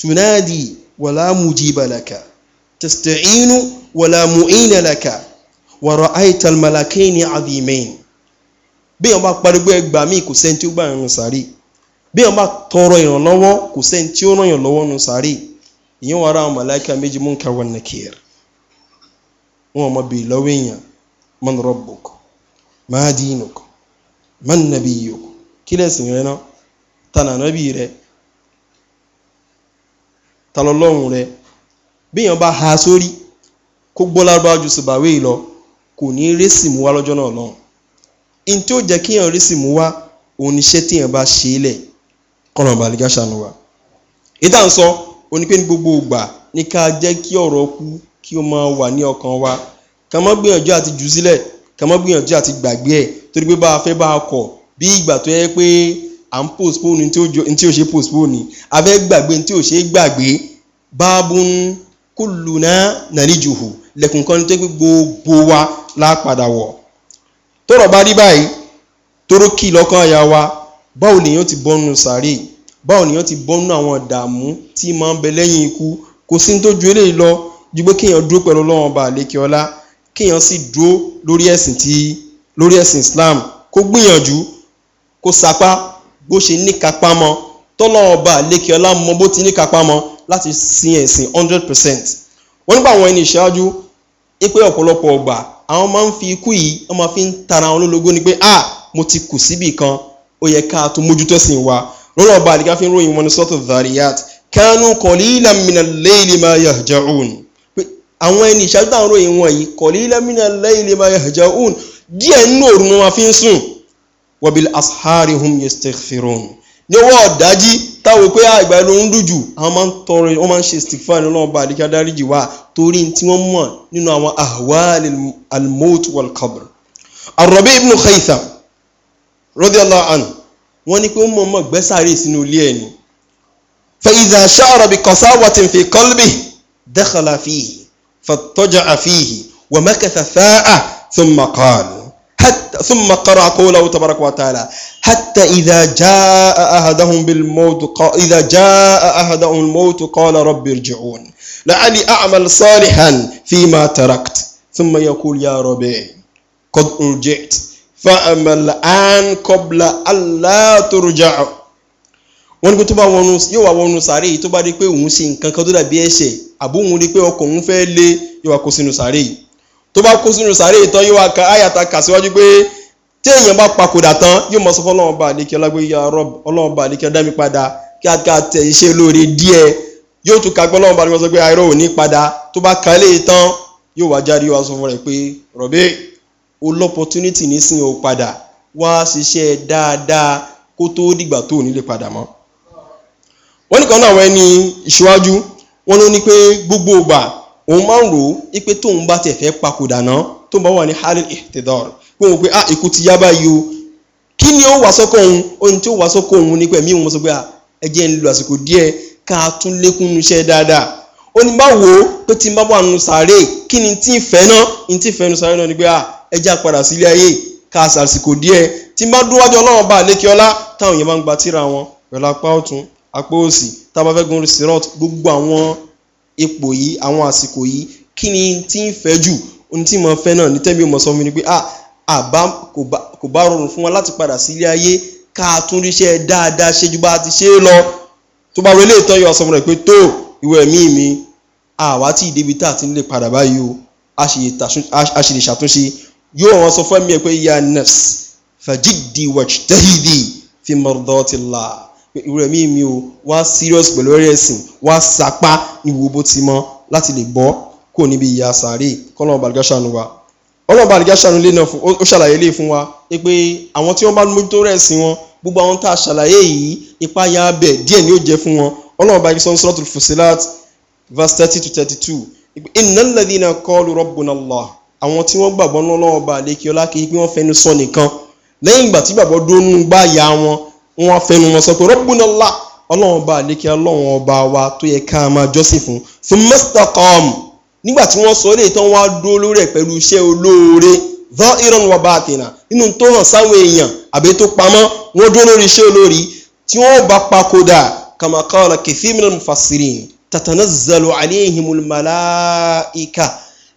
tùnádì wàlá mùjì balaka tẹ̀sítẹ̀ínú wàlá mùínà laka wàrọ̀ àìtàl malakaini àdìmẹ́yìn bí èèyàn bá pariwo ẹgbàá mi kò sẹ́ni tí ó gbà yàn nù sàárì bí èèyàn bá tọrọ ìrànlọ́wọ́ ìyẹn wọn ara àwọn mọ̀láìkà méjì mú nǹkan wọn nàkìr wọn ọmọ bíi lọ́wọ́ èèyàn man rabbuk man dinuk man nabiyuk kí lẹ́sìn rẹ náà tànà nábì rẹ talọ́lọ́hùn rẹ bíyàn bá ha sórí kó gbọ́ lárúbáwá ju sùbàwé lọ kò ní rẹ́sì mú wá lọ́jọ́ náà náà in tí ó jẹ́ kíyàn rẹ́sì mú wá òun iṣẹ́ tíyàn bá ṣe é lẹ̀ kọ́nà balẹ̀ gáṣà nù wá. ìtàn sọ. So, ó ní pé ní gbogbo ìgbà ní ká jẹ́ kí ọ̀rọ̀ kú kí ó máa wà ní ọkàn wa ká má gbìyànjú àti jù sílẹ̀ ká má gbìyànjú àti gbàgbé ẹ̀ torí pé bá a fẹ́ bá a kọ̀ bí ìgbà tó yẹ pé à ń postpone ní tí ò ṣe postpone a fẹ́ gbàgbé ní tí ò ṣe gbàgbé báàbùn kùlùnà nàníjùhù lẹ́kùn kan tó pé gbogbo wa lápadà wọ̀ tọrọ bá rí báyìí toró kì lọ́kàn àyà wa báwo lèèyàn ti bọ́nu sàárè báwo nìyẹn ti bọ́ nínú àwọn ìdààmú tí máa ń bẹ lẹ́yìn ikú kò sí ní tó ju eléyìí lọ ju pé kéèyàn dúró pẹ̀lú ọlọ́run ọba àlékè ọlá kéèyàn sì dúró lórí ẹ̀sìn tí lórí ẹ̀sìn islam kó gbìyànjú kó sapá bó ṣe níkapá mọ tọ́lọ́run ọba àlékè ọlá mọ bó ti níkapá mọ láti sin ẹ̀sìn hundred percent wọ́n nípa àwọn ẹni ìṣáájú pé ọ̀pọ̀lọpọ̀ ọgbà àwọn máa ń fi ikú yìí wọ́n máa fi ń tara àwọn olólogó ni pé ah mo ti kù síbì kan ó yẹ ká tó mójútó sìn wa lọ́nà ọba àdìgá fi ń ròyìn wọn ní sọ́tò zariyat kánú kọ̀lílà mìíràn léèlè máa yà jẹun àwọn ẹni ìṣáájú àwọn ròyìn wọn yìí kọ̀lílà mìíràn léèlè máa yà jẹun díẹ̀ nínú òrùn wọn fi ń sùn wọ́bí ashari hum yestefiron ní owó táwọn pé àgbà ah, lóhun dùjù àwọn máa ń tọrọ wọn máa ń ṣe stikfan lọ́nà ọba àdìgá dáríjì wá torí tí wọ́n mọ̀ nínú àwọn àwa almot walkabr arọ̀bí ibn khaitham rọ́dí allah wọ́n ní pé ó mọ̀ọ́mọ̀ gbẹ́sàárè sínú ilé ẹ̀ ni. فإذا شعر بقساوة في قلبه دخل فيه فاضطجع فيه ومكث ساعة ثم قال حتى ثم قرأ قوله تبارك وتعالى حتى إذا جاء أحدهم بالموت قال إذا جاء أحدهم الموت قال رب ارجعون لعلي أعمل صالحا فيما تركت ثم يقول يا ربي قد أرجعت fa'ama al'an kọ́bla aláàtòròjà wọ́n ní pé tó bá wọnú yóò wá wọnú sàárè yìí tó bá rí pé òun ṣe nǹkan kan tó dàbí ẹ̀ṣẹ̀ àbóhun rí pé ọkọ̀ òun fẹ́ lé yóò wá kó sínú sàárè yìí tó bá kó sínú sàárè yìí tán yóò wá ka àyàtà kà síwájú pé tí èèyàn bá papòdà tán yóò mọ sọ fún ọlọ́run bá àdékẹ́ ọlágbéyà rọ́b ọlọ́run bá àdékẹ́ dámi padà kí a ká tẹ̀ iṣẹ́ lóore díẹ̀ yóò tún ka gbọ́lọ́run bá àdékẹ́ sọ pé àìrọ̀ òní padà tó bá ka tán yóò wá jáde yóò wá sọ fún rẹ̀ pé rọ̀bẹ́ẹ́ o lọ́pọ̀tunity nísìnyí o padà wá ṣiṣẹ́ dáadáa kó tó dìgbà tó ò ní lè padà mọ́. wọ́n nìkan náà àwọn ẹni ìṣíwájú wọ́n ló ní pé gbogbo ògbà òun máa ń rò ó pé tóun bá tẹ̀ fẹ́ papòdà náà tó bá wà ní halil ihtidar pé òun pé ah èkó ti yá báyìí o kí ni ó wà sọ́kọ̀ òun ohun tí ó wà sọ́kọ̀ òun ní pẹ̀mí òun sọ pé ah ẹ jẹ́ ń lo àsìkò díẹ̀ ká tún lékún iṣẹ́ dáadáa ó ní bá wò ó pé tí n bá wà nù sàárè kí ni tí ń fẹ́ náà ní tí ń fẹ́ nù sàárè náà ni pé ah ẹja padà sílé ayé ká sàsìkò díẹ̀ tí bá dún wájú ọlọ́run bá lékè ọlá táwọn èèyàn bá ń gba tíra wọn pẹ̀lú apá ọ̀tún apá òsì tábà fẹ́ gun sirot gbogbo àwọn ipò yìí àwọn àsìkò yìí kí ni tí ń fẹ́ jù ohun tí mo fẹ́ náà ní tẹ́bí mo sọ mi ni pé ah, àbá kò bá rọrùn fún wa láti padà sílé ayé ká tún ríṣẹ́ dáadáa ṣe ju bá ti ṣe é lọ tó bá relé ìtàn yọ ọ̀sán rẹ̀ pé tó ìwé ẹ̀mí mi àwa tí ìdíbi tá a ti ń lè padà báyìí o a sì lè ṣàtúnṣe yóò wọn sọ fún mi pé ya nurse fàjídìí wàjtẹ́hìdì fi mọ̀rọ̀dọ́tìlá ìwúrẹ́ mi mi o wá serious pẹ̀lú ọ̀rẹ́ ẹ̀sìn wá sapá ní wo bó ti mọ́ láti lè bọ́ kó níbi ìyá sàárè kọ́nà ọ̀bàlùgá ṣàánú wa ọlọ́ọ̀bà àdìgá ṣàánú lé náà ó ṣàlàyé lè fún wa pé àwọn tí wọ́n bá mójútó rẹ̀ sí wọn gbogbo àwọn tá a ṣàlàyé yìí ipa ya bẹ̀ díẹ̀ ni ó jẹ́ fún wọn ọlọ́ọ̀bà àdìgá sọ́n sọ́rọ́tù fòsílát verse thirty to thirty two ìnáńlẹ́dínà kọ́ọ̀lù rọ́bùnà allah àwọn tí wọ́n gbàgbọ́ ní ọlọ́wọ́ bá lékè ọlá kì í pé wọ́n fẹnu sọ nìkan lẹ́yìn ìgbà tí gbàgbọ́ dónú gbá ya wọn wọ́n fẹnu wọn sọ pé rọ́bùnàlá ọlọ́wọ́n bá lékè ọlọ́wọ́n ọba wa tó yẹ ká máa jọ́sìn fún fún mustaqam nígbà tí wọ́n sọ ọ́ léètọ́ wọn á dó lórí ẹ̀ pẹ̀lú iṣẹ́ olóore the iran wa bá àtẹ̀nà nínú tó hàn sáwọn èèyàn àbí tó pamọ́ wọ́n dó lórí iṣẹ́ olóore tí wọ́n bá pakòdà kàmákàlà kẹfìmìlì mufasirin tatanazzalu alayhimul malaika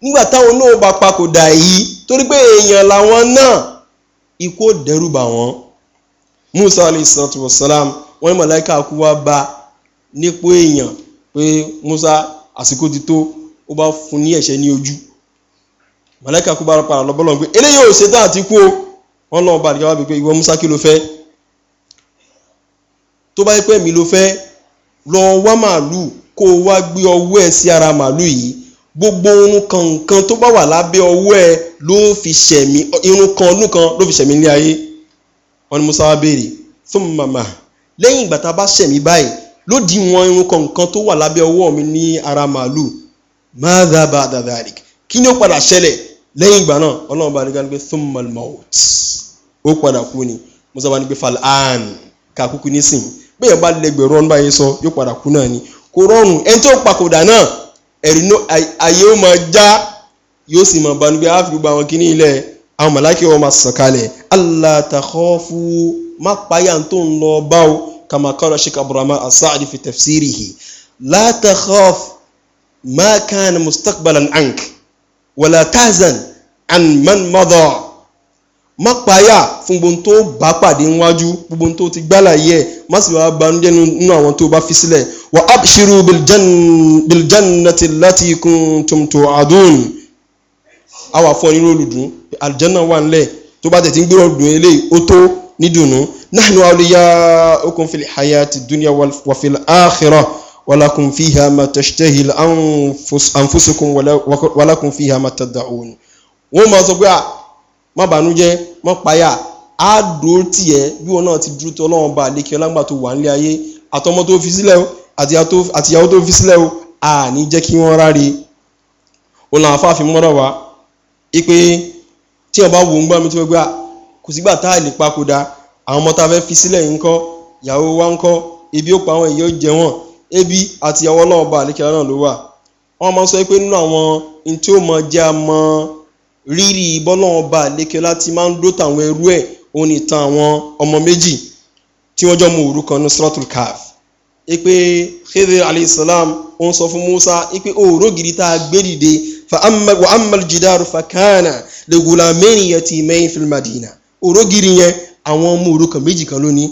nígbà táwọn náà bá papòdà yìí torí pé èèyàn làwọn náà ikú ò dẹ́rù bà musa alayhi salatu wa salam wọ́n ní mọ̀láìka kú wá bá nípò èèyàn pé musa àsìkò ti tó ó bá fún ní ẹ̀ṣẹ̀ ní ojú mọ̀láìka kú bá para lọ́bọ́lọ́ pé eléyìí ò ṣetán àti kú o wọ́n lọ́wọ́ bá àdìgbà wá pé ìwọ musa kí ló fẹ́ tó bá yẹ pé mi ló fẹ́ lọ wá màálù kó o wá gbé ọwọ́ ẹ̀ sí ara màálù yìí gbogbo irun kan nǹkan tó bá wà lábẹ́ ọwọ́ ẹ ló fi ṣẹ̀mí irun kan ọdún kan ló fi ṣẹ̀mí ní ayé wọn ni musa wa béèrè fún màmá lẹ́yìn ìgbà tá a bá ṣẹ̀mí báyìí ló di wọn irun kan nǹkan tó wà lábẹ́ ọwọ́ mi ní ara màálù madaba dadarik kí ni ó padà ṣẹlẹ̀ lẹ́yìn ìgbà náà ọlọ́run bá ní gbàgbé fún malmout ó padà kú ni musa wa ní gbé fal'an kakuku nísìnyí bẹ́ẹ̀ bá lẹgbẹ̀rún ọ̀nbá yẹn sọ yóò padà kú náà ni kò rọrùn ẹni tó papòdà náà ẹ̀rí ayé ó máa já yóò sì máa banú pé a fi gbogbo àwọn kíní ilẹ̀ àwọn màláìkì wọn máa sọ̀kalẹ̀ alátàkọ́fù má páyà tó ń lọ bá o kàmákọ́rọ̀ ṣe kàbùrọ̀mà asáàdì fi tẹ̀síìrì yìí látàkọ́f má kàn mustaqbalan ank wàlá tazan and man mother má páyà fún gbogbo tó bá pàdé níwájú gbogbo tó ti gbálàyé má sì wá banú jẹ́ nínú àwọn tó bá fi sílẹ̀ وأبشروا بالجن بالجنة التي كنتم توعدون àwọn afọ́ni olùdùn aljanna wà ńlẹ̀ tó bá tẹ̀sí ń gbèrò dùn eléyìí ó tó nídùnnú nahnu awliyaukum fil hayati dunya wa fil akhirah walakum fiha ma tashtahi anfusukum walakum fiha ma tad'un. wọ́n máa sọ pé à má bànújẹ́ má payà á dúró tiẹ̀ bí wọn náà ti dúró tó ọlọ́wọ́n bá àlékè ọlágbà tó wà nílé ayé àtọmọ tó fi sílẹ̀ o àtìyàwó tó fi sílẹ̀ o àní jẹ́ kí wọ́n ráre òun làwọn mọ́rọ̀ wá ipe tí wọn bá wò ń gbọ́ mi tí wọ́n gbà kò sígbà tá à lè àwọn ọmọ tá a fẹ́ fi sílẹ̀ ń kọ́ ìyàwó wa ń kọ́ ebi ó pa àwọn èyí ó jẹ wọn ebi àti ìyàwó ọlọ́wọ́ bá àlékè náà ló wà wọn máa sọ pé nínú àwọn ní tí ó mọ jẹ́ àmọ́ rírì bọ́lọ́wọ́ bá àlékè láti máa ń dó tàwọn ẹrú ẹ̀ òun nìtan àwọn ọmọ méjì tí wọ́n jọ mú òru kan ní suratul caf ipe khidr alayhisalam ó ń sọ fún musa ipe òòró gidi tá a gbé dìde wa amal jidaru fakana le gulameni yati mayin fil madina òòró gidi yẹn àwọn ọmọ òrukàn méjì kan lónìí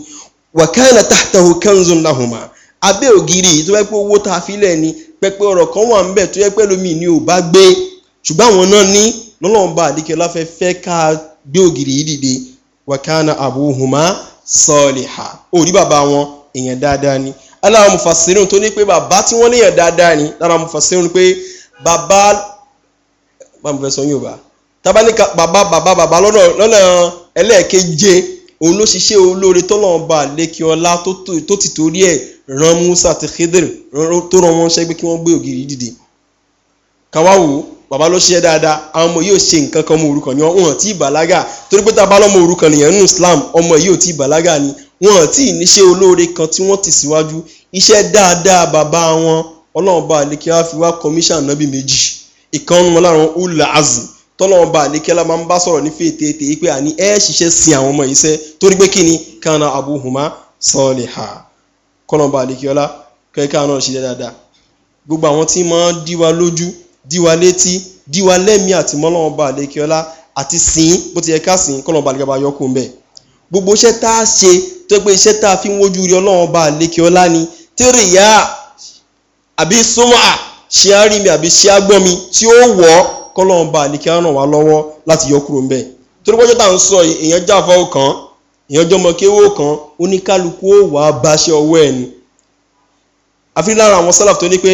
wakana tahtahu kanzun lahuma abẹ́ ògiri tó yẹ pé owó tá filẹ̀ ni pẹpẹ ọ̀rọ̀ kan wà ńbẹ̀ tó yẹ pé lómi ni ò bá gbé ṣùgbọ́n àwọn náà ní lọ́lọ́mọba àdìkẹ́ láfẹ́ fẹ́ ká gbé ògiri yìí dìde wakana abuhuma sọ̀lìhà òrí bàbá wọn èèyàn dáadáa ni aláwọn mufasirun tó ní pé bàbá tí wọ́n léèyàn dáadáa ni lára mufasirun pé bàbá bàbá fẹ́ sọ yóò bá tabaníka bàbá bàbá bàbá lọ́nà lọ́nà ẹlẹ́ẹ̀keje òun ló ṣiṣẹ́ olóore tọ́lọ́ọ̀ba lẹ́kì ọlá tó ti torí ẹ̀ ran musa àti khidr tó ràn wọ́n ṣẹ́gbẹ́ kí wọ́n gbé ògiri dìde káwáwò bàbá ló ṣiṣẹ́ dáadáa àwọn ọmọ yóò ṣe nǹkan kan ọmọ òrukàn ni wọ́n hàn tí ì torí pé tábà lọ́mọ òrukàn ni wọn tí ì níṣẹ́ olóore kan tí wọ́n ti síwájú iṣẹ́ dáadáa bàbá wọn ọlọ́run bá àlékè á fi wá kọmíṣà nábì méjì ìkan wọn láwọn ulà azù tọ́lọ́run bá máa ń bá sọ̀rọ̀ ní fètètè pé àní ẹ́ ṣiṣẹ́ sin àwọn ọmọ iṣẹ́ torí pé kí ni kánà abuhuma sọ́ọ̀lì ha kọ́lọ́run bá àlékè ọlá kẹ́kẹ́ àwọn náà ṣiṣẹ́ dáadáa gbogbo àwọn tí máa ń díwa lójú diwa létí diwa lẹ́mìí àtìmọ́lọ́run bá àlékè ọlá àti sìn bó ti yẹ ká sìn kọ́lọ́run bá àlékè ọlá yọkùn bẹ́ẹ̀ gbogbo iṣẹ́ tá a ṣe tó pé iṣẹ́ tá a fi ń wojú rí ọlọ́run ọba àlékè ọlá ni tírìyà àbí súnmọ́ ṣe á rí mi àbí ṣe á gbọ́ mi tí ó wọ̀ ọ́ kọ́lọ́run ọba àlékè á ràn wá lọ́wọ́ láti yọ kúrò ńbẹ̀ torí pọ́jọ́ tá à ń sọ èèyàn jáfa ó kàn èèyàn jọmọ kéwò kan oníkálukú ó wà á báṣẹ ọwọ́ ẹ̀ ni àfi lára àwọn sálàf tó ní pé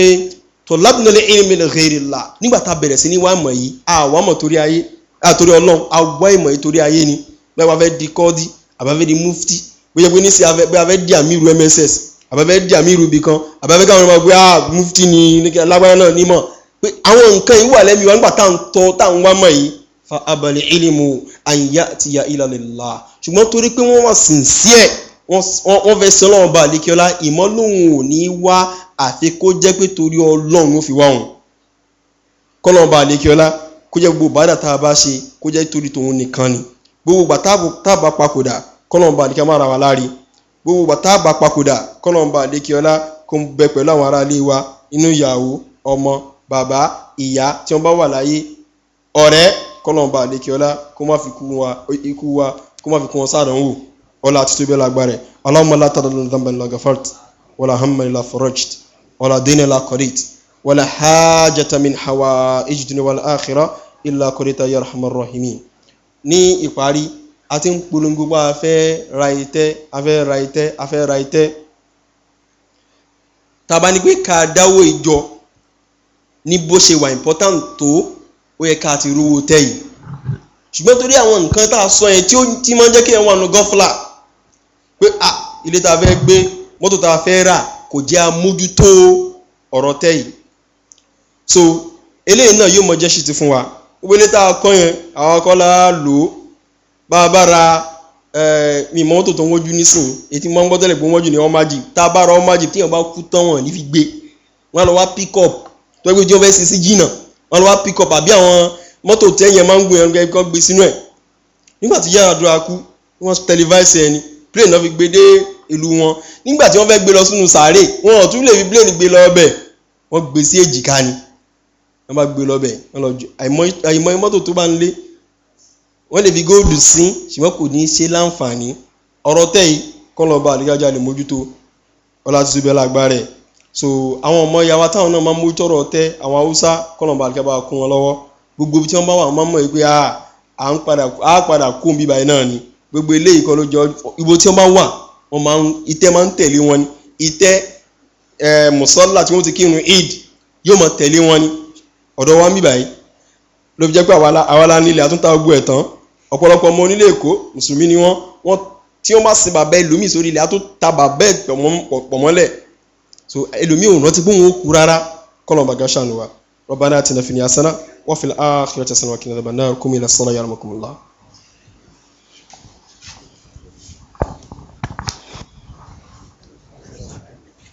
tọ́lábìnrin ìrìnmi rèé la nígbà tá a bẹ̀rẹ̀ sí ní wàá mọ̀ yìí àwọn àmọ̀ torí ayé àtòrí ọlọ́run àwa ìmọ̀ yìí torí ayé ni bẹ́ẹ̀ wá fẹ́ di kọ́ọ́dí àbáfẹ́ di mufti bóyá pé níṣẹ́ abẹ́fẹ́ di àmì irú mss àbáfẹ́ di àmì irú ibì kan àbáfẹ́ káwọn ọmọ pé ah mufti ni lágbára náà nímọ̀ pé àwọn nǹkan yìí wà lẹ́mìí wa nígbà tá à ń tọ́ tá à ń wá mọ̀ yìí fa abalẹ̀ ilimu àyà àti ya la. ṣùgbọ́n torí pé wọ́n wà sincere wọ́n fẹ́ sọ ọlọ́run bá àlékiọlá ìmọ̀ lòun ò ní wá àfi kó jẹ́ pé torí ọlọ́run ó fi wá òun kọ́lọ́run bá àlékiọlá kó jẹ́ gbogbo bàdà tá a bá ṣe kó jẹ́ torí tòun nìkan ni gbogbo ìgbà tábà papòdà kọ́lọ́mbà àdìkẹ́ máa ra wa láre gbogbo ìgbà tábà papòdà kọ́lọ́mbà àdìkẹ́ ọlá kó ń bẹ pẹ̀lú àwọn aráalé wa inú ìyàwó ọmọ bàbá ìyá tí wọ́n bá wà láyé ọ̀rẹ́ kọ́lọ́mbà àdìkẹ́ ọlá kó má fi ikú wa kó má fi kún wọn sádánwò ọlá àti tóbi lágbára ẹ̀ aláwọ̀mọ́lá tàdánù ولا حاجة من حوائج الدنيا والآخرة إلا قريت يا أرحم الراحمين ní ìparí a ti ń polongo pé a fẹ́ ra itẹ́ a fẹ́ ra itẹ́ a fẹ́ ra itẹ́ tàbá ni pé ká dáwó ìjọ ní bó ṣe wà important tó ó yẹ ká ti rówó tẹ́ yìí ṣùgbọ́n torí àwọn nǹkan tá a sọ yẹn tí ó ti máa ń jẹ́ kí ẹ̀ wà nù gọ́fúlà pé à ilé tá a fẹ́ gbé mọ́tò tá a fẹ́ rà kò jẹ́ amójútó ọ̀rọ̀ tẹ́ yìí so eléyìí náà yóò mọ jẹ́ ṣì ti fún wa gbogbo ilé tá a kọ́ yẹn àwọn akọ́lá lò ó bá a bá ra mímọ́ tó tó ń wọ́jú nísìnyí etí mọ́ ń gbọ́ tẹ́lẹ̀ pé wọ́n jù ní ọmọdé tá a bá ra ọmọdé tí yẹn bá kú tán wọ̀n ní gbé wọn lọ wá pick up tó gbé jọ́ fẹ́ sí jìnnà wọn lọ wá pick up àbí àwọn mọ́tò tẹ́ yẹn máa ń gbé yẹn kọ́ gbé sínú ẹ̀ nígbà tí yàrá dúró akú wọ́n televise ẹni plane náà fi gbé dé ìlú wọn nígbà tí wọ́n fẹ́ gbé lọ sínú sàárè wọn ò lè fi plane gbé lọ ọbẹ̀ wọ́n gbé sí èjìká ni wọ́n bá gbé lọ́bẹ̀ wọ́n lọ ju àìmọ mọ́tò tó bá ń lé wọ́n lè fi góòlù sí ṣùgbọ́n kò ní í ṣe láǹfààní ọ̀rọ̀ tẹ́ yìí kọ́ lọ bá àdégájá lè mójútó ọlá ti ṣubẹ̀ lágbára ẹ̀ so àwọn ọmọ ìyá wa táwọn náà máa ń mójútó ọ̀rọ̀ tẹ́ àwọn haúsá kọ́ lọ bá àdégájá kún wọn lọ́wọ́ gbogbo tí wọ́n bá wà wọ́n máa mọ̀ pé ah, à ń padà kún bíbá eh, yóò máa tẹ̀lé wọn ni ọ̀dọ̀ wa ń bì báyìí ló fi jẹ́ pé àwa la nílẹ̀ àtúntà ogun ẹ̀ tán ọ̀pọ̀lọpọ̀ ọmọ onílé èkó mùsùlùmí ni wọ́n wọ́n tí wọ́n bá sin bàbá ẹlòmíì sórí ilẹ̀ àtúntà bàbá ẹ̀ pọ̀mọ́lẹ̀ so ẹlòmíì òun rántí pé òun ó kú rárá kọ́lọ̀ bàgá ṣàánú wa rọ́bà náà ti nà fi ní asánà wọ́n fi àkìrẹ́tẹ̀sán wa kìnnìkan náà kúmi ilẹ̀ sọ́lá yàrá mọ́kùnmọ́lá.